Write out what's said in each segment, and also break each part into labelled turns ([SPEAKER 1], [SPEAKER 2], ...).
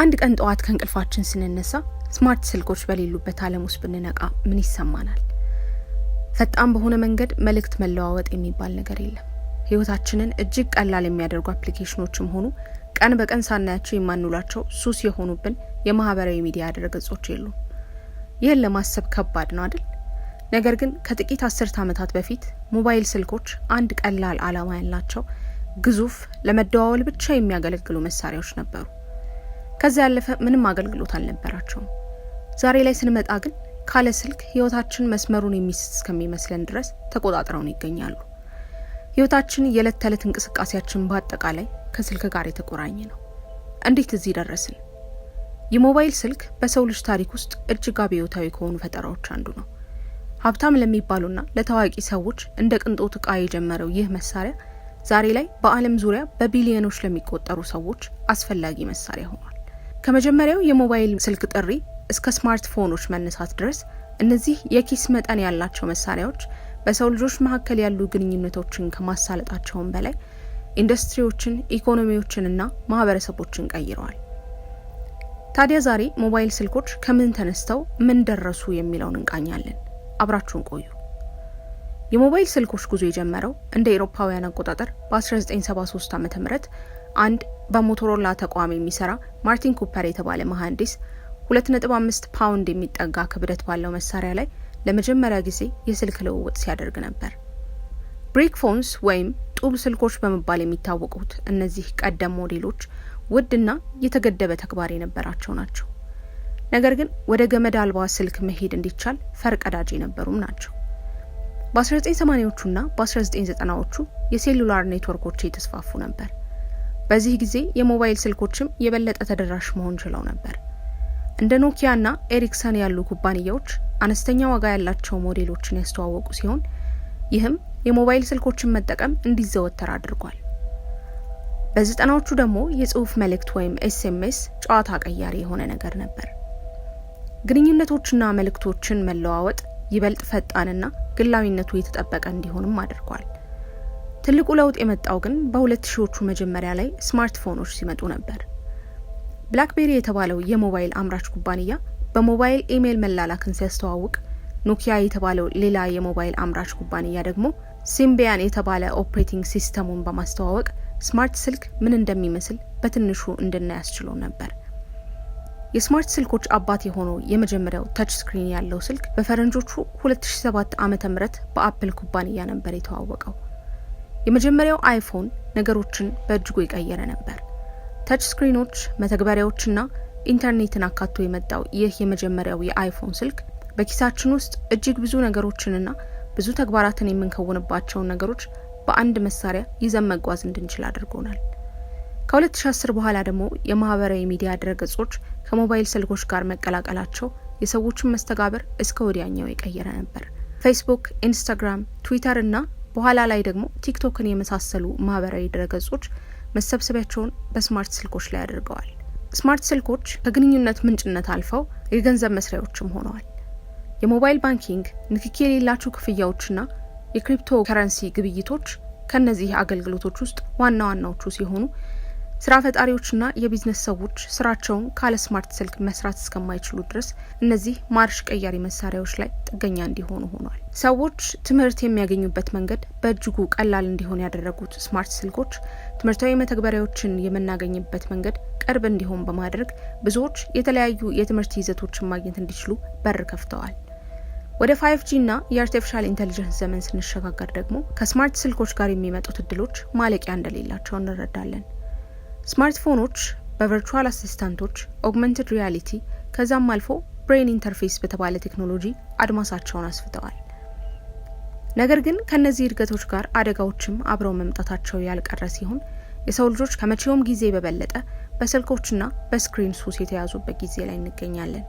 [SPEAKER 1] አንድ ቀን ጠዋት ከእንቅልፋችን ስንነሳ ስማርት ስልኮች በሌሉበት ዓለም ውስጥ ብንነቃ ምን ይሰማናል? ፈጣን በሆነ መንገድ መልእክት መለዋወጥ የሚባል ነገር የለም። ህይወታችንን እጅግ ቀላል የሚያደርጉ አፕሊኬሽኖችም ሆኑ ቀን በቀን ሳናያቸው የማንውላቸው ሱስ የሆኑብን የማህበራዊ ሚዲያ ድረገጾች የሉም። ይህን ለማሰብ ከባድ ነው አይደል? ነገር ግን ከጥቂት አስርት ዓመታት በፊት ሞባይል ስልኮች አንድ ቀላል ዓላማ ያላቸው ግዙፍ፣ ለመደዋወል ብቻ የሚያገለግሉ መሳሪያዎች ነበሩ። ከዚያ ያለፈ ምንም አገልግሎት አልነበራቸውም። ዛሬ ላይ ስንመጣ ግን ካለ ስልክ ህይወታችን መስመሩን የሚስት እስከሚመስለን ድረስ ተቆጣጥረውን ይገኛሉ። ህይወታችን፣ የዕለት ተዕለት እንቅስቃሴያችን በአጠቃላይ ከስልክ ጋር የተቆራኘ ነው። እንዴት እዚህ ደረስን? የሞባይል ስልክ በሰው ልጅ ታሪክ ውስጥ እጅግ አብዮታዊ ከሆኑ ፈጠራዎች አንዱ ነው። ሀብታም ለሚባሉና ለታዋቂ ሰዎች እንደ ቅንጦት ዕቃ የጀመረው ይህ መሳሪያ ዛሬ ላይ በዓለም ዙሪያ በቢሊዮኖች ለሚቆጠሩ ሰዎች አስፈላጊ መሳሪያ ሆኗል። ከመጀመሪያው የሞባይል ስልክ ጥሪ እስከ ስማርትፎኖች መነሳት ድረስ እነዚህ የኪስ መጠን ያላቸው መሳሪያዎች በሰው ልጆች መካከል ያሉ ግንኙነቶችን ከማሳለጣቸውም በላይ ኢንዱስትሪዎችን፣ ኢኮኖሚዎችንና ማህበረሰቦችን ቀይረዋል። ታዲያ ዛሬ ሞባይል ስልኮች ከምን ተነስተው ምን ደረሱ የሚለውን እንቃኛለን። አብራችሁን ቆዩ። የሞባይል ስልኮች ጉዞ የጀመረው እንደ ኤሮፓውያን አቆጣጠር በ1973 ዓ ም አንድ በሞቶሮላ ተቋም የሚሰራ ማርቲን ኩፐር የተባለ መሐንዲስ 2.5 ፓውንድ የሚጠጋ ክብደት ባለው መሳሪያ ላይ ለመጀመሪያ ጊዜ የስልክ ልውውጥ ሲያደርግ ነበር። ብሬክ ፎንስ ወይም ጡብ ስልኮች በመባል የሚታወቁት እነዚህ ቀደም ሞዴሎች ውድና የተገደበ ተግባር የነበራቸው ናቸው። ነገር ግን ወደ ገመድ አልባ ስልክ መሄድ እንዲቻል ፈርቀዳጅ የነበሩም ናቸው። በ1980ዎቹና በ1990ዎቹ የሴሉላር ኔትወርኮች የተስፋፉ ነበር። በዚህ ጊዜ የሞባይል ስልኮችም የበለጠ ተደራሽ መሆን ችለው ነበር። እንደ ኖኪያና ኤሪክሰን ያሉ ኩባንያዎች አነስተኛ ዋጋ ያላቸው ሞዴሎችን ያስተዋወቁ ሲሆን ይህም የሞባይል ስልኮችን መጠቀም እንዲዘወተር አድርጓል። በዘጠናዎቹ ደግሞ የጽሁፍ መልእክት ወይም ኤስኤምኤስ ጨዋታ ቀያሪ የሆነ ነገር ነበር። ግንኙነቶችና መልእክቶችን መለዋወጥ ይበልጥ ፈጣንና ግላዊነቱ የተጠበቀ እንዲሆንም አድርጓል። ትልቁ ለውጥ የመጣው ግን በሁለት ሺዎቹ መጀመሪያ ላይ ስማርትፎኖች ሲመጡ ነበር። ብላክቤሪ የተባለው የሞባይል አምራች ኩባንያ በሞባይል ኢሜይል መላላክን ሲያስተዋውቅ፣ ኖኪያ የተባለው ሌላ የሞባይል አምራች ኩባንያ ደግሞ ሲምቢያን የተባለ ኦፕሬቲንግ ሲስተሙን በማስተዋወቅ ስማርት ስልክ ምን እንደሚመስል በትንሹ እንድናያስችለው ነበር። የስማርት ስልኮች አባት የሆነው የመጀመሪያው ተች ስክሪን ያለው ስልክ በፈረንጆቹ 2007 ም በአፕል ኩባንያ ነበር የተዋወቀው። የመጀመሪያው አይፎን ነገሮችን በእጅጉ የቀየረ ነበር። ተች ስክሪኖች፣ መተግበሪያዎችና ኢንተርኔትን አካቶ የመጣው ይህ የመጀመሪያው የአይፎን ስልክ በኪሳችን ውስጥ እጅግ ብዙ ነገሮችንና ብዙ ተግባራትን የምንከውንባቸውን ነገሮች በአንድ መሳሪያ ይዘን መጓዝ እንድንችል አድርጎናል። ከ2010 በኋላ ደግሞ የማህበራዊ ሚዲያ ድረገጾች ከሞባይል ስልኮች ጋር መቀላቀላቸው የሰዎችን መስተጋብር እስከ ወዲያኛው የቀየረ ነበር። ፌስቡክ፣ ኢንስታግራም፣ ትዊተር እና በኋላ ላይ ደግሞ ቲክቶክን የመሳሰሉ ማህበራዊ ድረገጾች መሰብሰቢያቸውን በስማርት ስልኮች ላይ አድርገዋል። ስማርት ስልኮች ከግንኙነት ምንጭነት አልፈው የገንዘብ መስሪያዎችም ሆነዋል። የሞባይል ባንኪንግ፣ ንክኪ የሌላቸው ክፍያዎችና የክሪፕቶ ከረንሲ ግብይቶች ከእነዚህ አገልግሎቶች ውስጥ ዋና ዋናዎቹ ሲሆኑ ስራ ፈጣሪዎችና የቢዝነስ ሰዎች ስራቸውን ካለ ስማርት ስልክ መስራት እስከማይችሉ ድረስ እነዚህ ማርሽ ቀያሪ መሳሪያዎች ላይ ጥገኛ እንዲሆኑ ሆኗል። ሰዎች ትምህርት የሚያገኙበት መንገድ በእጅጉ ቀላል እንዲሆን ያደረጉት ስማርት ስልኮች ትምህርታዊ መተግበሪያዎችን የምናገኝበት መንገድ ቅርብ እንዲሆን በማድረግ ብዙዎች የተለያዩ የትምህርት ይዘቶችን ማግኘት እንዲችሉ በር ከፍተዋል። ወደ 5 ጂ እና የአርቲፊሻል ኢንቴሊጀንስ ዘመን ስንሸጋገር ደግሞ ከስማርት ስልኮች ጋር የሚመጡት እድሎች ማለቂያ እንደሌላቸው እንረዳለን። ስማርትፎኖች በቨርቹዋል አሲስታንቶች፣ ኦግመንትድ ሪያሊቲ ከዛም አልፎ ብሬን ኢንተርፌስ በተባለ ቴክኖሎጂ አድማሳቸውን አስፍተዋል። ነገር ግን ከእነዚህ እድገቶች ጋር አደጋዎችም አብረው መምጣታቸው ያልቀረ ሲሆን የሰው ልጆች ከመቼውም ጊዜ በበለጠ በስልኮችና በስክሪን ሱስ የተያዙበት ጊዜ ላይ እንገኛለን።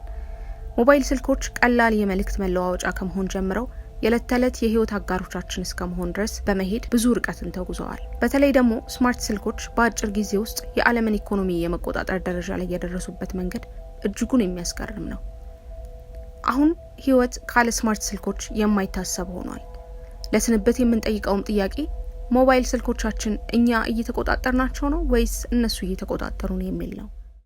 [SPEAKER 1] ሞባይል ስልኮች ቀላል የመልእክት መለዋወጫ ከመሆን ጀምረው የዕለት ተዕለት የህይወት አጋሮቻችን እስከመሆን ድረስ በመሄድ ብዙ ርቀትን ተጉዘዋል። በተለይ ደግሞ ስማርት ስልኮች በአጭር ጊዜ ውስጥ የዓለምን ኢኮኖሚ የመቆጣጠር ደረጃ ላይ የደረሱበት መንገድ እጅጉን የሚያስገርም ነው። አሁን ህይወት ካለ ስማርት ስልኮች የማይታሰብ ሆኗል። ለስንበት የምንጠይቀውም ጥያቄ ሞባይል ስልኮቻችን እኛ እየተቆጣጠርናቸው ነው ወይስ እነሱ እየተቆጣጠሩን የሚል ነው።